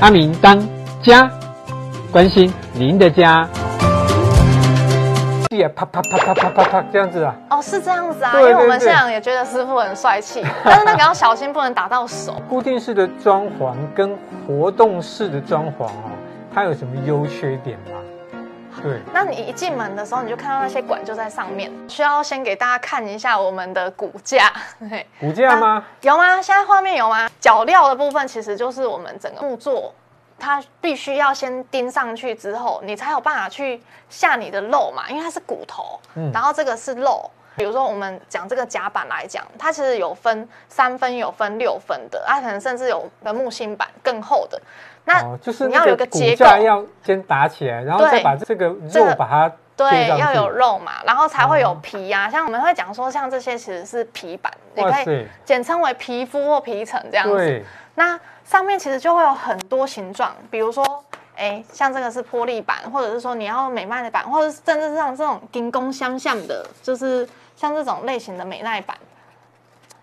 阿明當家關心您的家，啊，啪啪啪啪啪啪啪這樣子啊？哦，是這樣子啊，對對對，因為我們現場也覺得師傅很帥氣， 但是那個要小心，不能打到手。固定式的裝潢跟活動式的裝潢，啊，它有什麼優缺點嗎，啊？對，那你一進門的時候，你就看到那些管就在上面。需要先給大家看一下我們的骨架，啊、骨架嗎？有嗎？現在畫面有嗎？角料的部分其實就是我們整個木作，它必須要先釘上去之後，你才有辦法去下你的肉嘛，因為它是骨頭。嗯。然後這個是肉，比如說我們講這個夾板來講，它其實有分三分，有分六分的，啊，可能甚至有的木芯板更厚的。那你要有個骨架，要先打起來，然後再把這個肉把它對、這個、對，要有肉嘛，然後才會有皮呀、啊。啊、像我們會講說，像這些其實是皮板，你可以簡稱為皮膚或皮層這樣子對。那上面其實就會有很多形狀，比如說哎、欸，像這個是玻璃板，或者是說你要美耐的板，或者是甚至像這種金光閃閃的，就是像這種類型的美耐板。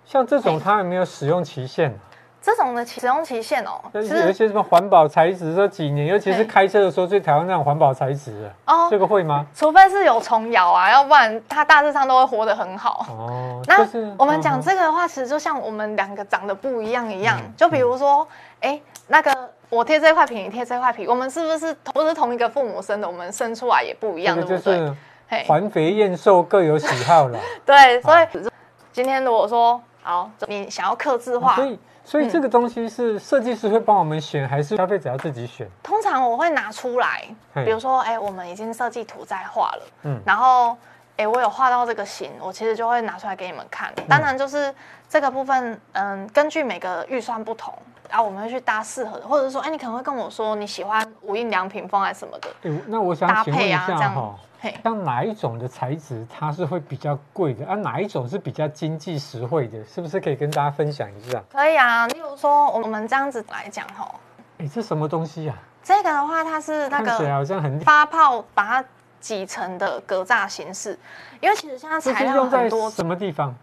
像這種它有沒有使用期限？欸這種的使用期限哦、喔，有一些什麼環保材質，這幾年，尤其是開車的時候最討厭那種環保材質、啊、哦，這個會嗎？除非是有蟲咬啊，要不然它大致上都會活得很好。哦，就是、那我們講這個的話、哦，其實就像我們兩個長得不一樣一樣，嗯、就比如說，哎、嗯欸，那個我貼這塊皮，你貼這塊皮，我們是不是不是同一個父母生的？我們生出來也不一樣，這個就是、對不對？嘿，環肥燕瘦各有喜好了。 對，所以今天如果說。好，你想要客製化，所以所以這個東西是設計師會幫我們選，嗯、還是消費者要自己選？通常我會拿出來，比如說，哎、欸，我們已經設計圖在畫了，嗯，然後，哎、欸，我有畫到這個型，我其實就會拿出來給你們看。嗯、當然，就是這個部分，嗯，根據每個預算不同。啊，我們會去搭適合的，或者說，哎、欸，你可能會跟我說你喜歡無印良品風啊什麼的、啊欸。那我想請問一下哈、喔，像哪一種的材質它是會比較貴的？啊，哪一種是比較經濟實惠的？是不是可以跟大家分享一下？可以啊，例如說，我們這樣子來講哈、喔欸，這什麼東西啊？這個的話，它是那個發泡把它擠成的格柵形式，因為其實現在材料用多，什麼地方？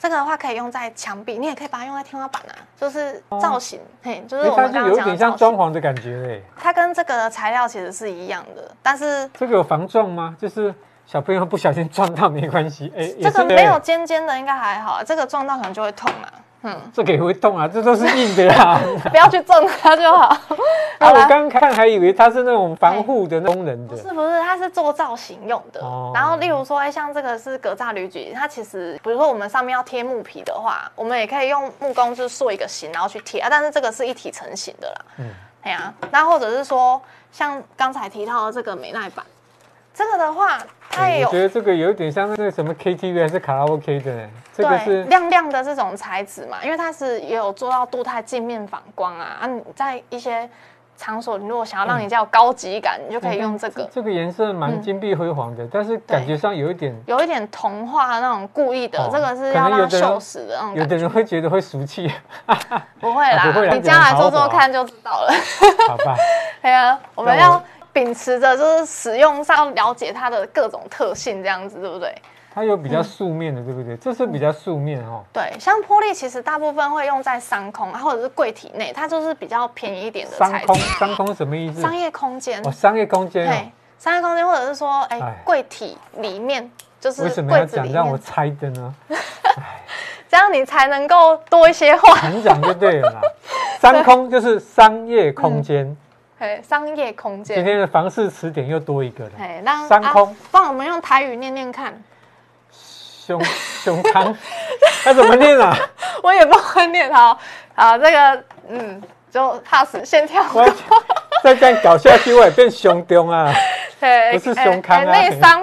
這個的話可以用在牆壁，你也可以把它用在天花板啊，就是造型。哦、嘿，就是我們剛剛、欸、它是有一點像裝潢的感覺哎、欸。它跟這個的材料其實是一樣的，但是這個有防撞嗎？就是小朋友不小心撞到沒關係哎、欸。這個沒有尖尖的應該還好，這個撞到可能就會痛嘛、啊嗯，這個也會動啊，這都是硬的呀、啊、 不要去撞它就好。那、 啊、我剛看還以為它是那種防護的功能的、哎，不是不是，它是做造型用的。哦、然後，例如說，哎，像這個是格柵鋁卷，它其實，比如說我們上面要貼木皮的話，我們也可以用木工就塑一個型，然後去貼啊。但是這個是一體成型的啦。嗯，對啊。那或者是說，像剛才提到的這個美耐板。這個的話，它也有，嗯。我覺得這個有點像那個什麼 K T V 還是卡拉 O、OK、K 的。這個是亮亮的這種材質嘛，因為它是也有做到鍍鈦鏡面反光啊。啊，你在一些場所，你如果想要讓你家有高級感，嗯，你就可以用這個，嗯這。這個顏色蠻金碧輝煌的，嗯，但是感覺上有一點，有一點童話那種故意的，哦，這個是要讓鏽死的，那種有的人。有的人會覺得會俗氣哈哈。不會啦，哎，會你將來做做看就知道了。好吧。哎 呀，啊，我們要我。秉持着就是使用上了解它的各種特性，這樣子對不對？它有比較素面的，對不對？就是比較素面哦。對，像玻璃其實大部分會用在商空或者是櫃體內，它就是比較便宜一點的材料。商空，商空什麼意思？商業空間。哦，商業空間。對，商業空間或者是說，哎，櫃體裡面就是為什麼要講讓我猜的呢？這樣你才能夠多一些話。你講就對了，商空就是商業空間。商業空間。今天的房事詞典又多一個了。那、哎、商空，幫、啊、我們用台語念念看。胸胸腔，他、 啊、怎麼念啊？我也不會念哦。啊，這個，嗯，就 pass，先跳。再這樣搞下去，我也變胸中啊？對、哎，不是胸腔啊？內、哎、傷、哎、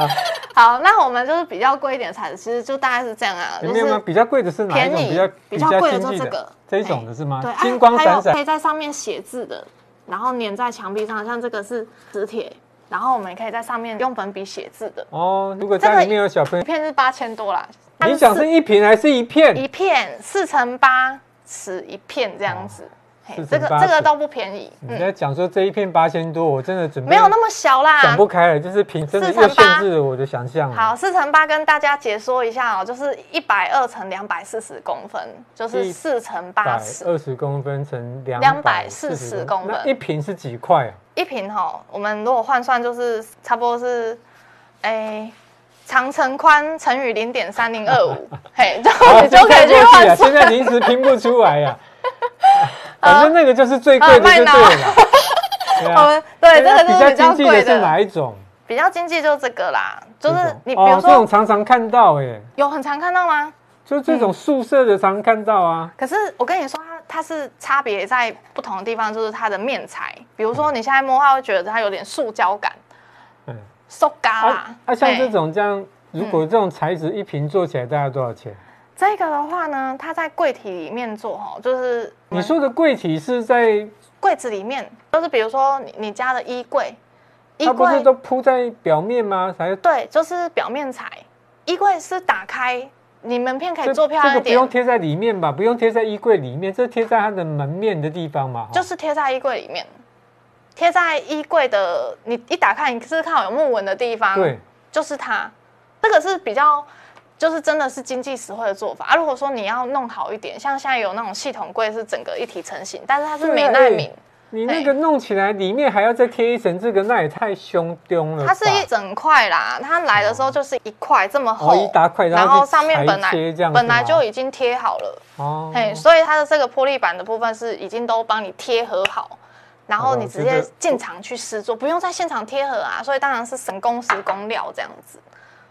嗎？ 好，那我們就是比較貴一點的材質，其實就大概是這樣啊。有沒有比較貴的是哪種？比較比較貴的就是這個這一種的是嗎？欸、對，金光閃閃。還有可以在上面寫字的，然後粘在牆壁上，像這個是磁鐵，然後我們也可以在上面用粉筆寫字的。哦，如果家裡面有小朋友，這個、一片是八千多啦。那 4, 你想是一瓶還是一片？一片四乘八尺一片這樣子。哦 Hey, 這個這個倒不便宜。嗯、你在講說這一片八千多，我真的準備沒有那麼小啦，想不開了，就是平真的又限制了我的想象。好，四乘八跟大家解說一下哦，就是一百二乘兩百四十公分，就是四乘八尺，一百二十公分乘兩百四十公分。公分一坪是幾塊啊？一坪哈、哦，我們如果換算就是差不多是，哎、欸，長寬乘寬乘以零點三零二五，嘿，就 你就可以去換算 現在臨時拼不出來呀，啊。 反正那個就是最貴的、呃、就對了。我們對這個就是比較經濟的是哪一種？比較經濟就是這個啦，就是你比如說、哦、這種常常看到誒、欸、有很常看到嗎？就這種素色的常常看到啊、嗯。可是我跟你說，它它是差別在不同的地方，就是它的面材。比如說你現在摸它，會覺得它有點塑膠感。嗯，塑膠啦。啊，啊，啊、像這種這樣，如果這種材質一坪做起來大概多少錢？這個的話呢，它在櫃體裡面做哈，就是、嗯、你說的櫃體是在櫃子裡面，就是比如說你，你家的衣櫃，衣櫃它不是都鋪在表面嗎？是對，就是表面材。衣櫃是打開，你門片可以做漂亮一點、這個、不用貼在裡面吧？不用貼在衣櫃裡面，這貼在它的門面的地方嘛。就是貼在衣櫃裡面，貼在衣櫃的你一打開，你是看有木紋的地方，對，就是它。這個是比較。就是真的是經濟實惠的做法啊！如果說你要弄好一點，像現在有那種系統櫃是整個一體成型，但是它是美耐皿、啊欸，你那個弄起來裡面還要再貼一層這個，那也太凶凶了。它是一整塊啦，它來的時候就是一塊這麼厚，哦哦、一大塊、啊，然後上面本來本來就已經貼好了，嘿、哦，所以它的這個波麗板的部分是已經都幫你貼合好，然後你直接進場去試做、哦，不用在現場貼合啊，所以當然是省工時工料這樣子。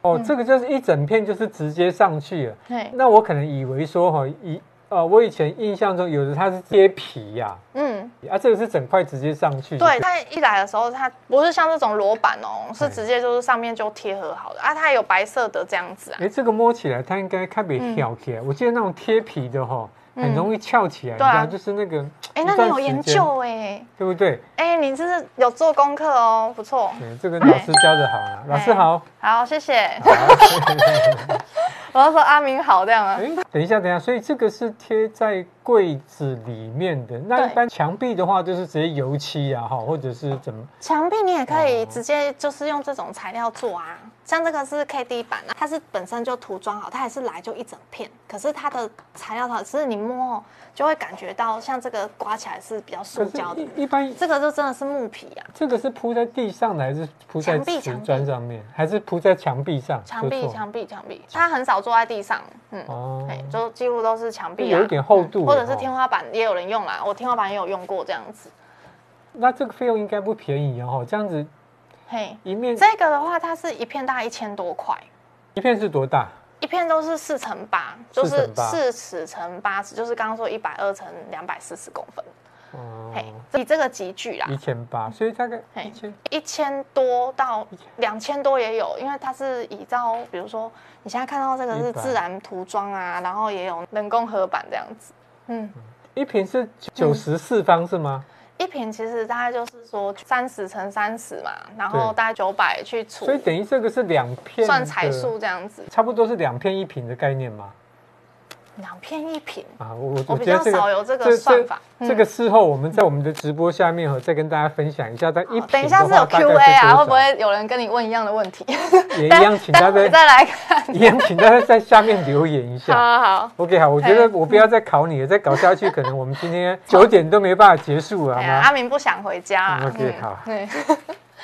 哦、嗯，這個就是一整片，就是直接上去了。對、嗯，那我可能以為說哈、哦，以呃，我以前印象中有的它是貼皮呀、啊，嗯，啊，這個是整塊直接上去。對，它一來的時候，它不是像這種裸板哦，是直接就是上面就貼合好的、哎、啊，它有白色的這樣子啊。哎，這個摸起來它應該特別好貼、嗯，我記得那種貼皮的哈、哦。嗯、很容易翹起來、嗯，對啊，就是那個，哎、欸，那你有研究哎、欸，對不對？哎、欸，你這是有做功課哦，不錯。對這個老師教的好啊，欸、老師好、欸。好，謝謝。啊、對對對 我要說阿明好，這樣啊、欸。等一下，等一下，所以這個是貼在櫃子裡面的。那一般牆壁的話，就是直接油漆呀，哈，或者是怎麼？牆壁你也可以直接就是用這種材料做啊。像這個是 KD 板、啊、它是本身就塗裝好，它還是來就一整片。可是它的材料它只是你摸就會感覺到，像這個刮起來是比較塑膠的一。一般這個就真的是木皮啊。這個是鋪在地上的，還是鋪在牆磚上面，還是鋪在牆壁上？牆壁牆壁牆壁,壁,壁，它很少坐在地上，嗯，啊欸、就幾乎都是牆壁、啊，有一點厚度、啊嗯，或者是天花板也有人用啦、哦。我天花板也有用過這樣子。那這個費用應該不便宜呀、哦，這樣子。嘿、hey,，一面這個的話，它是一片大概一千多塊，一片是多大？一片都是四乘八，就是四尺乘八尺，就是剛剛說一百二乘兩百四十公分。哦，嘿、hey,，以這個級距啦，一千八，所以大概一千一千多到兩千多也有，因為它是依照，比如說你現在看到這個是自然塗裝啊，然後也有人工合板這樣子。嗯，一瓶是九十四方、嗯、是嗎？一坪其實大概就是說三十乘三十嘛，然後大概九百去除，所以等於這個是兩片，算才數這樣子，差不多是兩片一坪的概念嘛。兩片一瓶啊，我覺得、這個、我比較少有這個算法。這，這、嗯，這個事後我們在我們的直播下面和、哦、再跟大家分享一下。嗯、一等一下是有 Q A 啊，會，會不會有人跟你問一樣的問題？也一樣請，請大家再來看，也請大家在下面留言一下。 好，啊、好，好，OK，好，我覺得我不要再考你了， 再搞下去，可能我們今天九點都沒辦法結束了 啊，啊，啊，啊。阿明不想回家、啊嗯嗯。OK，好。對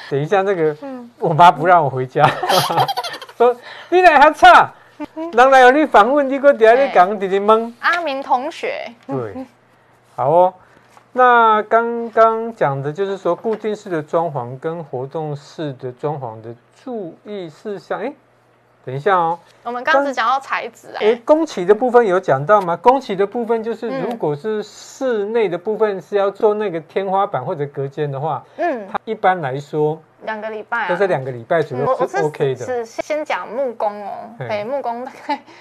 等一下那個、嗯，我媽不讓我回家，說、嗯 so, 你哪還差？那來你，你訪、欸、問你個第二個講弟弟們，阿明同學，對，好哦。那剛剛講的就是說，固定式的裝潢跟活動式的裝潢的注意事項，誒、欸。等一下哦，我們剛剛只講到材質啊，哎、欸，工期的部分有講到嗎？工期的部分就是，如果是室內的部分是要做那個天花板或者隔間的話，嗯，它一般來說兩個禮拜都是兩個禮拜左右是 OK 的。嗯、是，是先講木工哦，哎，木工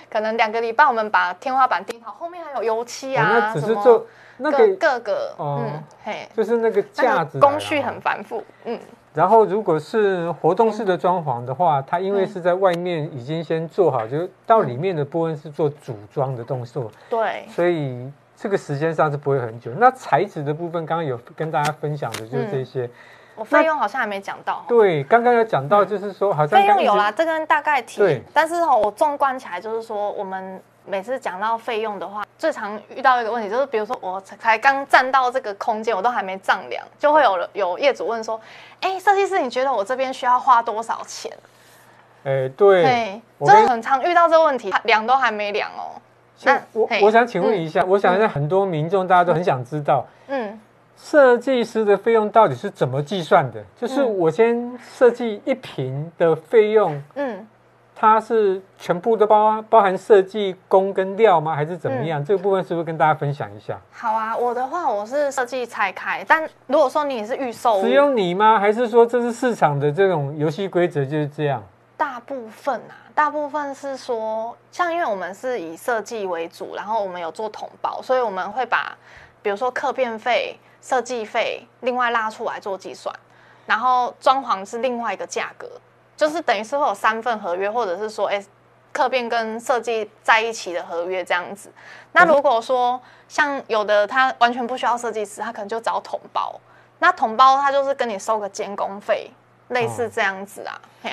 可能兩個禮拜，我們把天花板釘好，後面還有油漆啊，哦、那只是做那個各個嗯，嗯，嘿，就是那個架子、啊，那個、工序很繁複，嗯。然後，如果是活動式的裝潢的話，它因為是在外面已經先做好，就到裡面的部分是做組裝的動作。對，所以這個時間上是不會很久。那材質的部分，剛剛有跟大家分享的，就是這些。我費用好像還沒講到。對，剛剛有講到，就是說好像費用有啦，這個大概提。但是我縱觀起來，就是說我們。每次講到費用的話，最常遇到一個問題就是，比如說我才剛站到這個空間，我都還沒丈量，就會有有業主問說：“哎、欸，設計師，你覺得我這邊需要花多少錢？”哎、欸，對，真的很常遇到這問題，量都還沒量哦。那、啊、我我想請問一下，嗯、我想讓很多民眾大家都很想知道，嗯，設計師的費用到底是怎麼計算的？嗯、就是我先設計一坪的費用，嗯。它是全部都包包含設計工跟料嗎？還是怎麼樣、嗯？這個部分是不是跟大家分享一下？好啊，我的話我是設計拆開，但如果說你是預售，只有你嗎？還是說這是市場的這種遊戲規則就是這樣？大部分啊，大部分是說，像因為我們是以設計為主，然後我們有做統包，所以我們會把比如說客變費、設計費另外拉出來做計算，然後裝潢是另外一個價格。就是等於是會有三份合約，或者是說，哎，客變跟設計在一起的合約這樣子。那如果說像有的他完全不需要設計師，他可能就找統包。那統包他就是跟你收個監工費，類似這樣子啊、哦，哎、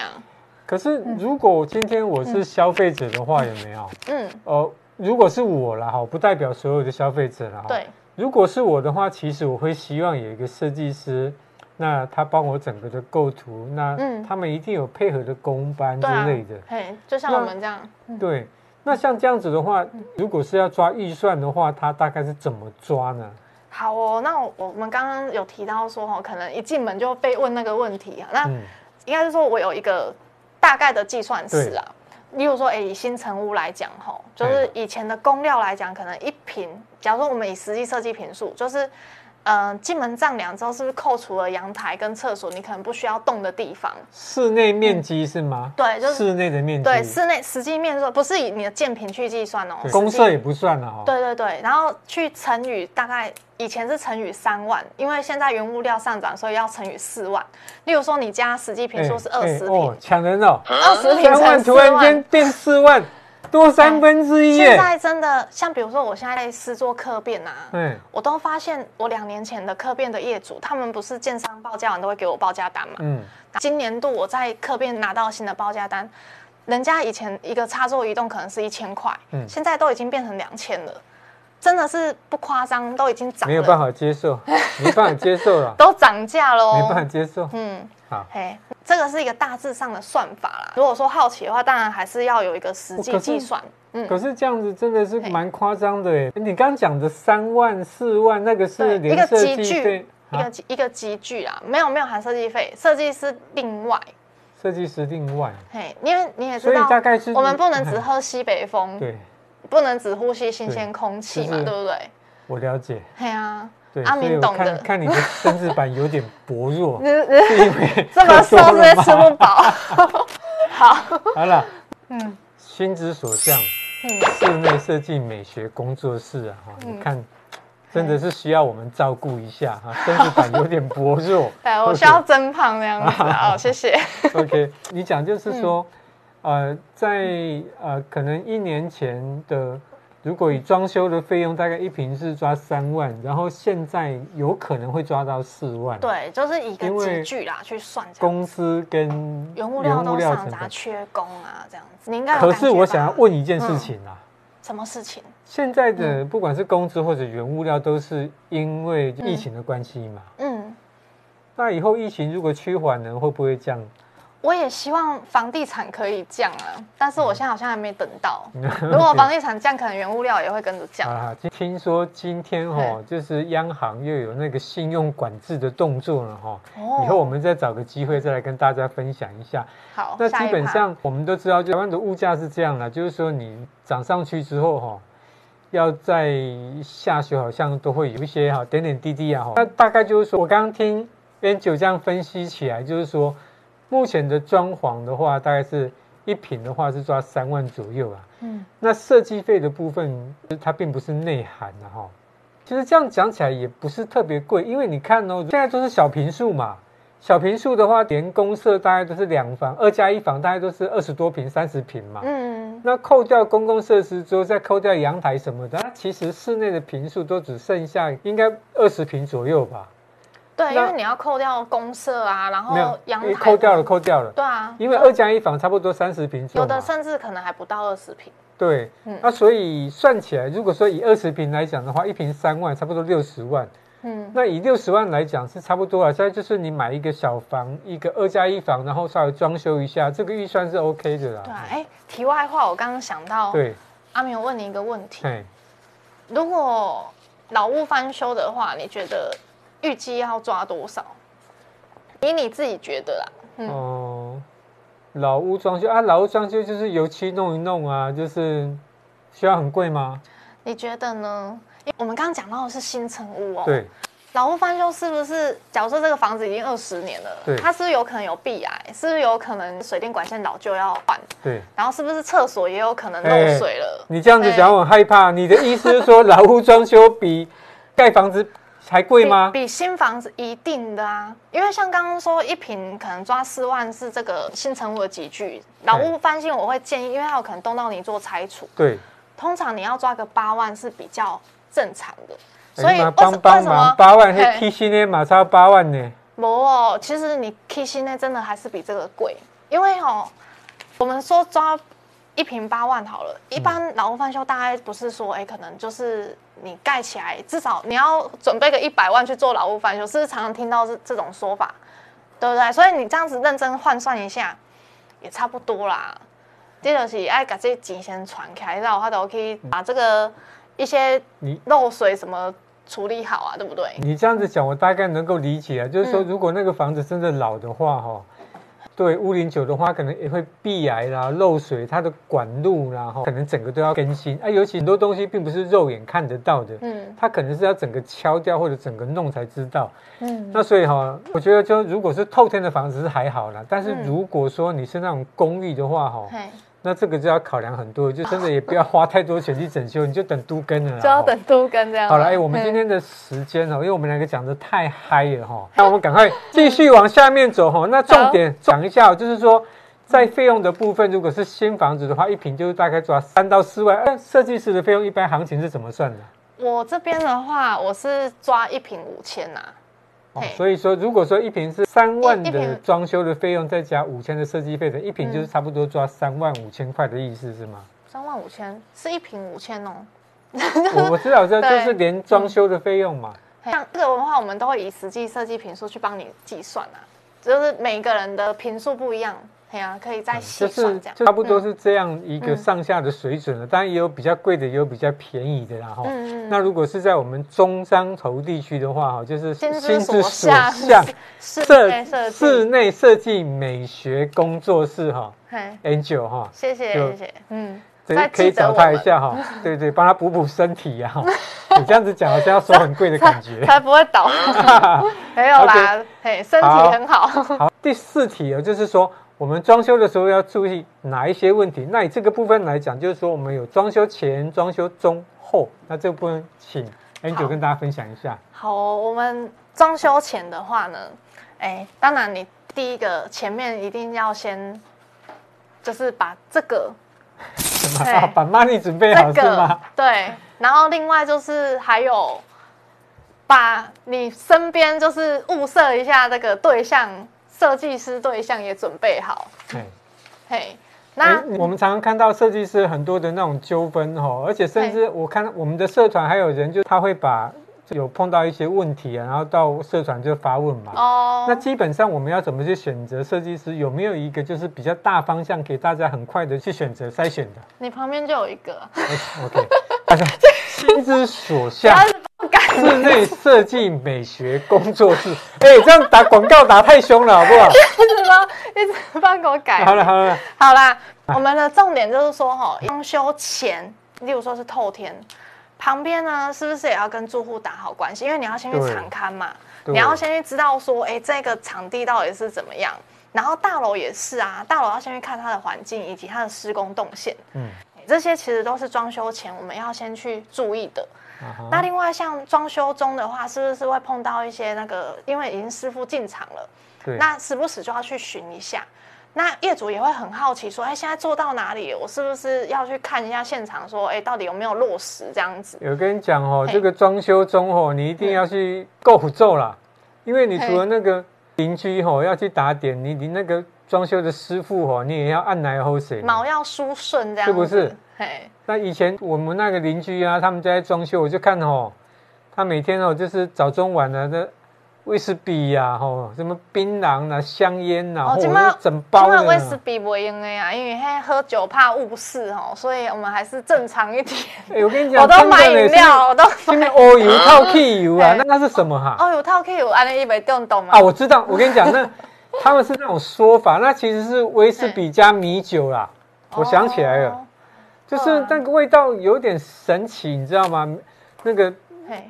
可是如果今天我是消費者的話，有沒有？嗯，哦，如果是我了哈，不代表所有的消費者了。對。如果是我的話，其實我會希望有一個設計師。那他幫我整個的構圖那、嗯，那他們一定有配合的工班之類的，嗯對啊，就像我們這樣。對，那像這樣子的話，嗯，如果是要抓預算的話，他大概是怎麼抓呢？好哦，那我們剛剛有提到說，可能一進門就被問那個問題啊。那、嗯、應該是說，我有一個大概的計算式啊。例如說，哎，以新成屋來講，哈，就是以前的工料來講，可能一坪，假如說我們以實際設計坪數，就是。呃，進門丈量之後是不是扣除了陽台跟廁所？你可能不需要動的地方，室內面積是嗎、嗯？對，就是室內的面積。對，室內實際面積不是以你的建坪去計算哦、喔，公設也不算啊、喔。對對對，然後去乘以大概以前是乘以三萬，因為現在原物料上漲，所以要乘以四萬。例如說你加，你家實際坪數是二十坪，搶、欸、人哦，二十坪三萬突然變四萬。 多三分之一。現在真的像比如說，我現在在施作客變吶，我都發現我兩年前的客變的業主，他們不是建商報價完都會給我報價單嘛？嗯。今年度我在客變拿到新的報價單，人家以前一個插座移動可能是一千塊，嗯，現在都已經變成兩千了，真的是不誇張，都已經漲了。沒有辦法接受，沒辦法接受了 都漲價嘍，沒辦法接受，嗯。嘿，這個是一個大致上的算法啦。如果說好奇的話，當然還是要有一個實際計算。嗯，可是這樣子真的是蠻誇張的誒。你剛剛講的三萬四萬那個是一個級距，一個一個級距啊，沒有沒有含設計費，設計師另外。設計師另外。嘿，因為你也知道所以大概是，我們不能只喝西北風，對，不能只呼吸新鮮空氣嘛，對、就是、對不對？我了解。嘿啊。對，所以我看，啊，看你的身子板有點薄弱，嗯嗯，是因為說這麼瘦也吃不飽。 好，來了，嗯，心之所向，嗯，室內設計美學工作室啊，嗯，你看，真的是需要我們照顧一下哈，身子板有點薄弱， 對，okay，我需要增胖那樣子，啊，好，好，哦，謝謝。OK，你講就是說，嗯，呃，在呃，可能一年前的。如果以裝修的費用，大概一坪是抓三萬，然後現在有可能會抓到四萬。對，就是以一個機具啦，去算工資跟原物料都上漲缺工啊，這樣子。你應該。可是我想要問一件事情啊。什麼事情？現在的不管是工資或者原物料，都是因為疫情的關係嘛。嗯。那以後疫情如果趨緩呢，會不會降？我也希望房地產可以降啊，但是我現在好像還沒等到。嗯、如果房地產降， 可能原物料也會跟着降啊。聽說今天哈、喔，就是央行又有那個信用管制的動作了哈、喔哦。以後我們再找個機會再來跟大家分享一下、嗯。好，那基本上我們都知道，台灣的物價是這樣了，就是說你漲上去之後哈、喔，要再下去，好像都會有一些哈點點滴滴啊哈、喔。那大概就是說，我剛剛聽 b 九這樣分析起來，就是說。目前的裝潢的話，大概是一平的話是抓三萬左右啊。嗯，那設計費的部分，它並不是內含的哈。其實這樣講起來也不是特別貴，因為你看哦、喔，現在都是小平數嘛。小平數的話，連公設大概都是兩房，二加一房大概都是二十多平、三十平嘛。嗯，嗯，那扣掉公共設施之後，再扣掉陽台什麼的，它其實室內的平數都只剩下應該二十平左右吧。對，因為你要扣掉公設啊，然後陽台沒有，扣掉了，扣掉了。對啊，因為二加一房差不多三十坪左右，有的甚至可能還不到二十坪。對，嗯，那、啊、所以算起來，如果說以二十坪來講的話，一坪三萬，差不多六十萬。嗯，那以六十萬來講是差不多了、啊。現在就是你買一個小房，一個二加一房，然後稍微裝修一下，這個預算是 OK 的啦。對啊，哎，題外話，我剛剛想到，對，阿、啊、明，我問你一個問題，對，如果老屋翻修的話，你覺得？預計要抓多少？以你自己覺得啦。嗯、哦，老屋裝修啊，老屋裝修就是油漆弄一弄啊，就是需要很貴嗎？你覺得呢？因為我們剛剛講到的是新成屋哦。對。老屋翻修是不是？假如說這個房子已經二十年了，對，它是不是有可能有壁癌？是不是有可能水電管線老舊要換？對。然後是不是廁所也有可能漏水了？哎哎，你這樣子講，我很害怕。你的意思是說，老屋裝修比 蓋房子？還貴嗎？比，比新房子一定的啊，因為像剛剛說一坪可能抓四萬是這個新成屋的幾句，老屋翻新我會建議，因為它有可能動到你做拆除。對，通常你要抓個八萬是比較正常的。所以、欸你哦、為什麼八萬可 K T C 內馬超八萬呢？無哦，其實你 K C 呢，真的還是比這個貴，因為哦，我們說抓。一平八萬好了，嗯、一般老屋翻修大概不是說哎、欸，可能就是你蓋起來，至少你要準備個一百萬去做老屋翻修，是,不是常常聽到這這種說法，對不對？所以你這樣子認真換算一下，也差不多啦。第二期哎，把這些先傳開，然後的話都可以把這個一些你漏水什麼處理好啊，對不對？你這樣子講，我大概能夠理解啊，就是說如果那個房子真的老的話、哦，哈、嗯。嗯對，屋齡久的話，可能也會壁癌啦、漏水，它的管路啦，哦、可能整個都要更新啊。尤其很多東西並不是肉眼看得到的，嗯，它可能是要整個敲掉或者整個弄才知道，嗯。那所以哈、哦，我覺得就如果是透天的房子是還好啦，但是如果說你是那種公寓的話、哦、哈、嗯。那這個就要考量很多，就真的也不要花太多錢去整修， 你就等都根更了，喔，就要等都更這樣子。好了，欸，我們今天的時間哦，喔，因為我們兩個講得太嗨了哈，喔， 那我們趕快繼續往下面走哈，喔。那重點講一下，喔，Hello? 就是說在費用的部分，如果是新房子的話，一坪就大概抓三到四萬。那設計師的費用一般行情是怎麼算的？我這邊的話，我是抓一坪五千吶。哦、所以說，如果說一坪是三萬的裝修的費用，再加五千的設計費的，一坪就是差不多抓三萬五千塊的意思，是嗎、嗯？三萬五千是一坪五千哦、喔。我知道，我知道就是連裝修的費用嘛、嗯。像這個的話，我們都會以實際設計坪數去幫你計算啊，就是每個人的坪數不一樣。啊、可以再細算、嗯就是、差不多是這樣一個上下的水準了。當、嗯、然也有比較貴的、嗯，也有比較便宜的啦。哈、嗯，那如果是在我們中彰投地區的話，哈，就是心之所向，設室內設計美學工作室哈，Angel 哈，謝謝謝謝，嗯，可以找他一下哈、嗯，對對，對，幫他補補身體呀、啊。你、 啊、 這樣子講好像要說很貴的感覺，他，他，他不會倒， 沒有啦、okay，身體很好。好， 好，第四題啊，就是說。我們裝修的時候要注意哪一些問題？那以這個部分來講，就是說我們有裝修前、裝修中、後。那這個部分請，請 Angel 跟大家分享一下。好、哦，我們裝修前的話呢、欸，當然你第一個前面一定要先，就是把這個，什麼、啊？把 money 準備好、這個、是嗎？對。然後另外就是還有，把你身邊就是物色一下這個對象。設計師對象也準備好。嗯，嘿，那、欸、我們常常看到設計師很多的那種糾紛哦，而且甚至我看我們的社團還有人就他會把有碰到一些問題啊，然後到社團就發問嘛。哦，那基本上我們要怎麼去選擇設計師？有沒有一個就是比較大方向，給大家很快的去選擇篩選的？你旁邊就有一個。OK。 心 之所向，室內設計美學工作室。哎，這樣打廣告打得太兇了，好不好？ 一直幫，一直幫我改。好了好了，好啦。好啦啊，我們的重點就是說，哦，哈，裝修前，例如說是透天，旁邊呢，是不是也要跟住戶打好關係？因為你要先去場勘嘛，你要先去知道說，哎，欸，這個場地到底是怎麼樣。然後大樓也是啊，大樓要先去看它的環境以及它的施工動線。嗯。這些其實都是裝修前我們要先去注意的。那另外像裝修中的話，是不是會碰到一些那個，因為已經師傅進場了，那時不時就要去巡一下。那業主也會很好奇說，哎，現在做到哪裡？我是不是要去看一下現場？說，哎，到底有沒有落實這樣子？有跟你講哦，這個裝修中哦，你一定要去夠著啦，因為你除了那個鄰居吼、哦、要去打點，你你那個。裝修的師傅哦，你也要按來後水，毛要梳順這樣子，是不是？嘿，那以前我們那個鄰居啊，他們家在裝修，我就看哦，他每天哦就是早中晚的維士比呀，吼，什麼檳榔啊，香煙啊。哦，今媽，今媽維士比袂用的呀、啊啊，因為嘿喝酒怕誤事哦、啊，所以我們還是正常一點。欸、我跟你講，我都買飲料，我買飲料，我都買。什麼？哦，油套汽油啊？那、欸、那是什麼哈、啊？哦，油套汽油，安尼伊袂懂懂嘛？啊，我知道，我跟你講那。 他們是這種說法，那其實是威士比加米酒啦。我想起來了，就是那個味道有點神奇，你知道嗎？那個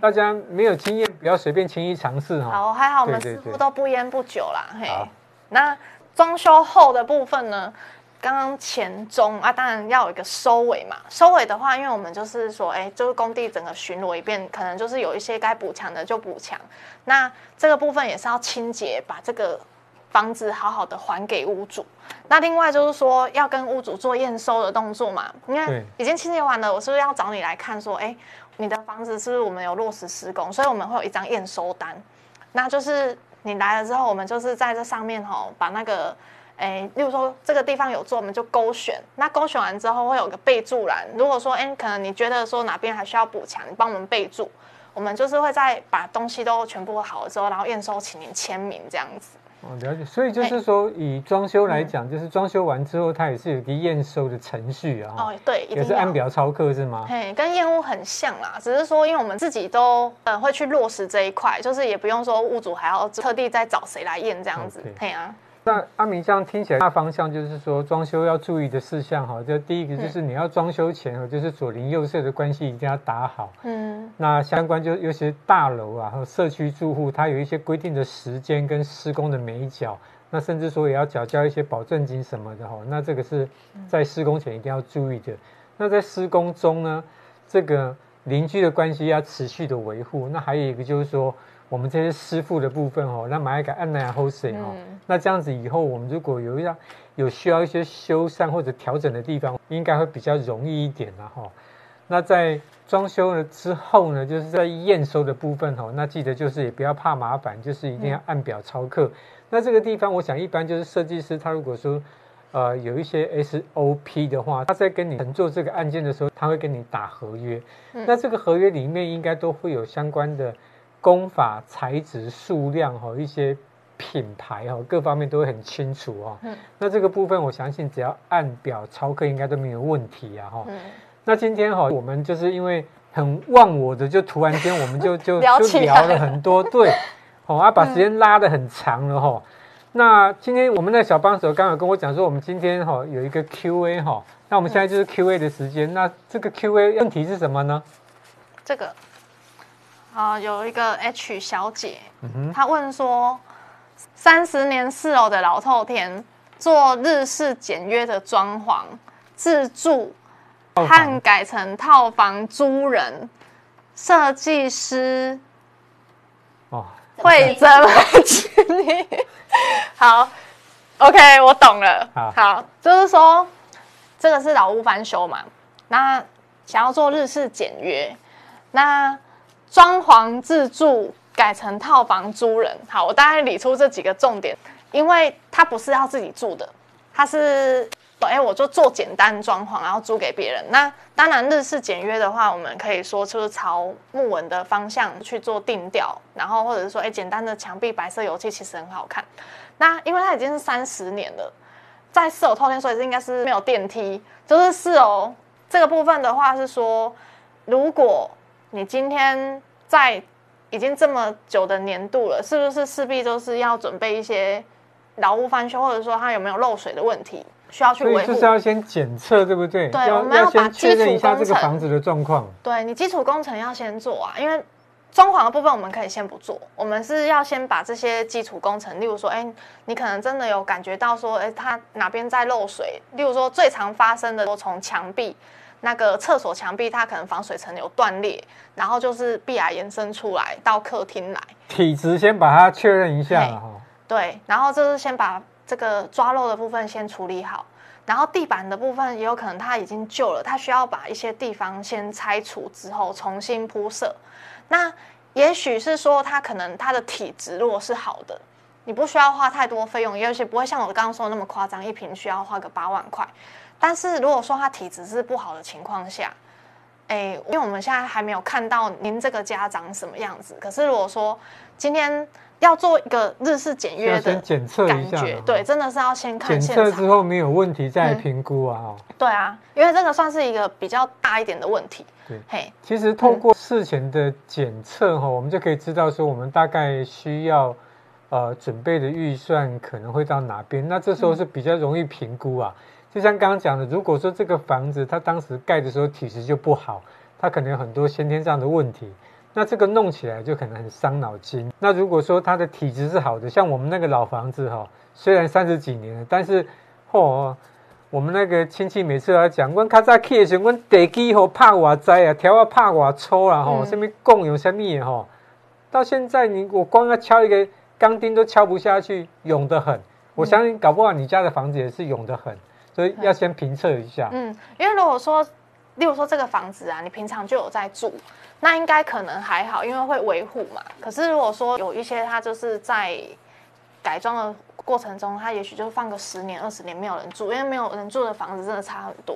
大家沒有經驗，不要隨便輕易嘗試哈。好，還好我們師傅都不菸不酒啦。那裝修後的部分呢？剛剛前中啊，當然要有一個收尾嘛。收尾的話，因為我們就是說，哎，這個工地整個巡邏一遍，可能就是有一些該補強的就補強。那這個部分也是要清潔，把這個。房子好好的還給屋主，那另外就是說要跟屋主做驗收的動作嘛。因為已經清潔完了，我是不是要找你來看？說，哎，你的房子是不是我們有落實施工？所以我們會有一張驗收單。那就是你來了之後，我們就是在這上面哈、喔，把那個，哎，例如說這個地方有做，我們就勾選。那勾選完之後會有個備注欄，如果說，哎，可能你覺得說哪邊還需要補強，你幫我們備注。我們就是會再把東西都全部好了之後，然後驗收，請您簽名這樣子。哦，了解。所以就是說，以裝修來講、嗯，就是裝修完之後，它也是有一個驗收的程序啊。哦，對，也是按表操課是嗎？嘿，跟驗屋很像啦，只是說，因為我們自己都呃、嗯、會去落實這一塊，就是也不用說屋主還要特地再找誰來驗這樣子，嘿對，對啊。那阿明這樣聽起來，大方向就是說，裝修要注意的事項哈，就第一個就是你要裝修前，就是左鄰右舍的關係一定要打好。嗯。那相關就尤其是大樓啊，和社區住戶，它有一些規定的時間跟施工的眉角，那甚至說也要繳交一些保證金什麼的哈。那這個是在施工前一定要注意的。那在施工中呢，這個鄰居的關係要持續的維護。那還有一個就是說。我們這些師傅的部分哦，那買一個按壓壺水哈，那這樣子以後我們如果有要有需要一些修繕或者調整的地方，應該會比較容易一點了哈、哦。那在裝修了之後呢，就是在驗收的部分、哦、那記得就是也不要怕麻煩，就是一定要按表操課。嗯、那這個地方我想一般就是設計師他如果說呃有一些 SOP 的話，他在跟你做這個案件的時候，他會跟你打合約、嗯，那這個合約裡面應該都會有相關的。工法、材質、數量和、哦、一些品牌哈、哦，各方面都會很清楚哈、哦嗯。那這個部分我相信，只要按表操課應該都沒有問題啊哈、哦嗯。那今天哈、哦，我們就是因為很忘我的，就突然間我們就就 聊就聊了很多，對、嗯，好、哦、啊，把時間拉得很長了哈、哦嗯。那今天我們的小幫手剛好跟我講說，我們今天哈、哦、有一個 Q&A 哈、哦。那我們現在就是 Q&A 的時間。那這個 Q&A 問題是什麼呢、嗯？這個。啊，有一個 H 小姐，嗯、她問說：“三十年四樓的老透天，做日式簡約的裝潢，自住和改成套房租人，設計師，哦，會怎麼處理？”好，OK，我懂了。好，好就是說這個是老屋翻修嘛，那想要做日式簡約，那。裝潢自住改成套房租人，好，我大概理出這幾個重點，因為它不是要自己住的，它是哎，我就做簡單裝潢，然後租給別人。那當然日式簡約的話，我們可以說就是朝木紋的方向去做定調，然後或者是說哎、欸，簡單的牆壁白色油漆其實很好看。那因為它已經是三十年了，在四樓透天，所以應該是沒有電梯，就是四樓這個部分的話是說如果。你今天在已經這麼久的年度了，是不是勢必都是要準備一些勞務翻修，或者說它有沒有漏水的問題需要去維護？所以就是要先檢測，對不對？對，我們要先確認一下這個房子的狀況。對，你基礎工程要先做啊，因為裝潢的部分我們可以先不做，我們是要先把這些基礎工程，例如說，哎、欸，你可能真的有感覺到說，哎、欸，它哪邊在漏水，例如說最常發生的，都從牆壁。那個廁所牆壁，它可能防水層有斷裂，然後就是壁癌延伸出來到客廳來。體質先把它確認一下。對，然後就是先把這個抓漏的部分先處理好，然後地板的部分也有可能它已經舊了，它需要把一些地方先拆除之後重新鋪設。那也許是說它可能它的體質如果是好的，你不需要花太多費用，尤其不會像我剛剛說那麼誇張，一坪需要花個八萬塊。但是如果說他體質是不好的情況下，哎、欸，因為我們現在還沒有看到您這個家長什麼樣子。可是如果說今天要做一個日式簡約的，要先檢測一下，一下，對、哦，真的是要先看檢測之後沒有問題再評估啊、嗯哦。對啊，因為這個算是一個比較大一點的問題。對，嘿，其實通過事前的檢測哈、哦嗯，我們就可以知道說我們大概需要、呃、準備的預算可能會到哪邊。那這時候是比較容易評估啊。嗯就像剛剛講的，如果說這個房子它當時蓋的時候體質就不好，它可能有很多先天上的問題，那這個弄起來就可能很傷腦筋。那如果說它的體質是好的，像我們那個老房子哈、哦，雖然三十幾年了，但是嚯，我們那個親戚每次來講，問卡扎去的時候，我地基吼怕我災啊，條啊怕我抽啦哈，什麼供，有什麼的、哦、到現在你我光要敲一個鋼釘都敲不下去，勇得很、嗯。我相信搞不好你家的房子也是勇得很。所以要先評測一下。嗯，因為如果說，例如說這個房子啊，你平常就有在住，那應該可能還好，因為會維護嘛。可是如果說有一些，它就是在改裝的過程中，它也許就放個十年、二十年沒有人住，因為沒有人住的房子真的差很多，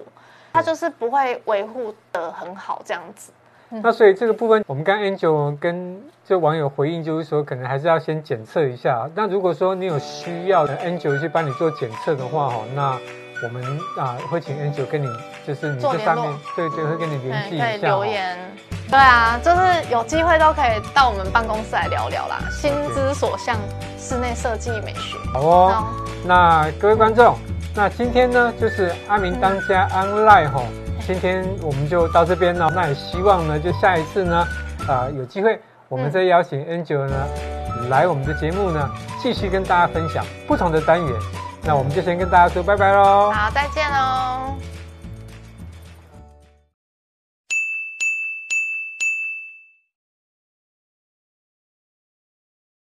它就是不會維護得很好這樣子、嗯。那所以這個部分，我們剛 Angel 跟這網友回應就是說，可能還是要先檢測一下。那如果說你有需要的，Angel 去幫你做檢測的話，哈、嗯，那。我們啊、呃，會請 N 九跟你、嗯，就是你這上面對對會跟你聯繫一下，留言、哦，對啊，就是有機會都可以到我們辦公室來聊聊啦。Okay. 心之所向，室內設計美學。好哦，嗯、那各位觀眾，那今天呢就是阿明當家安賴吼、哦嗯、今天我們就到這邊了、哦。那也希望呢，就下一次呢，啊、呃、有機會，我們再邀請 N 九呢、嗯、來我們的節目呢，繼續跟大家分享不同的單元。那我們就先跟大家說拜拜嘍！好，再見嘍！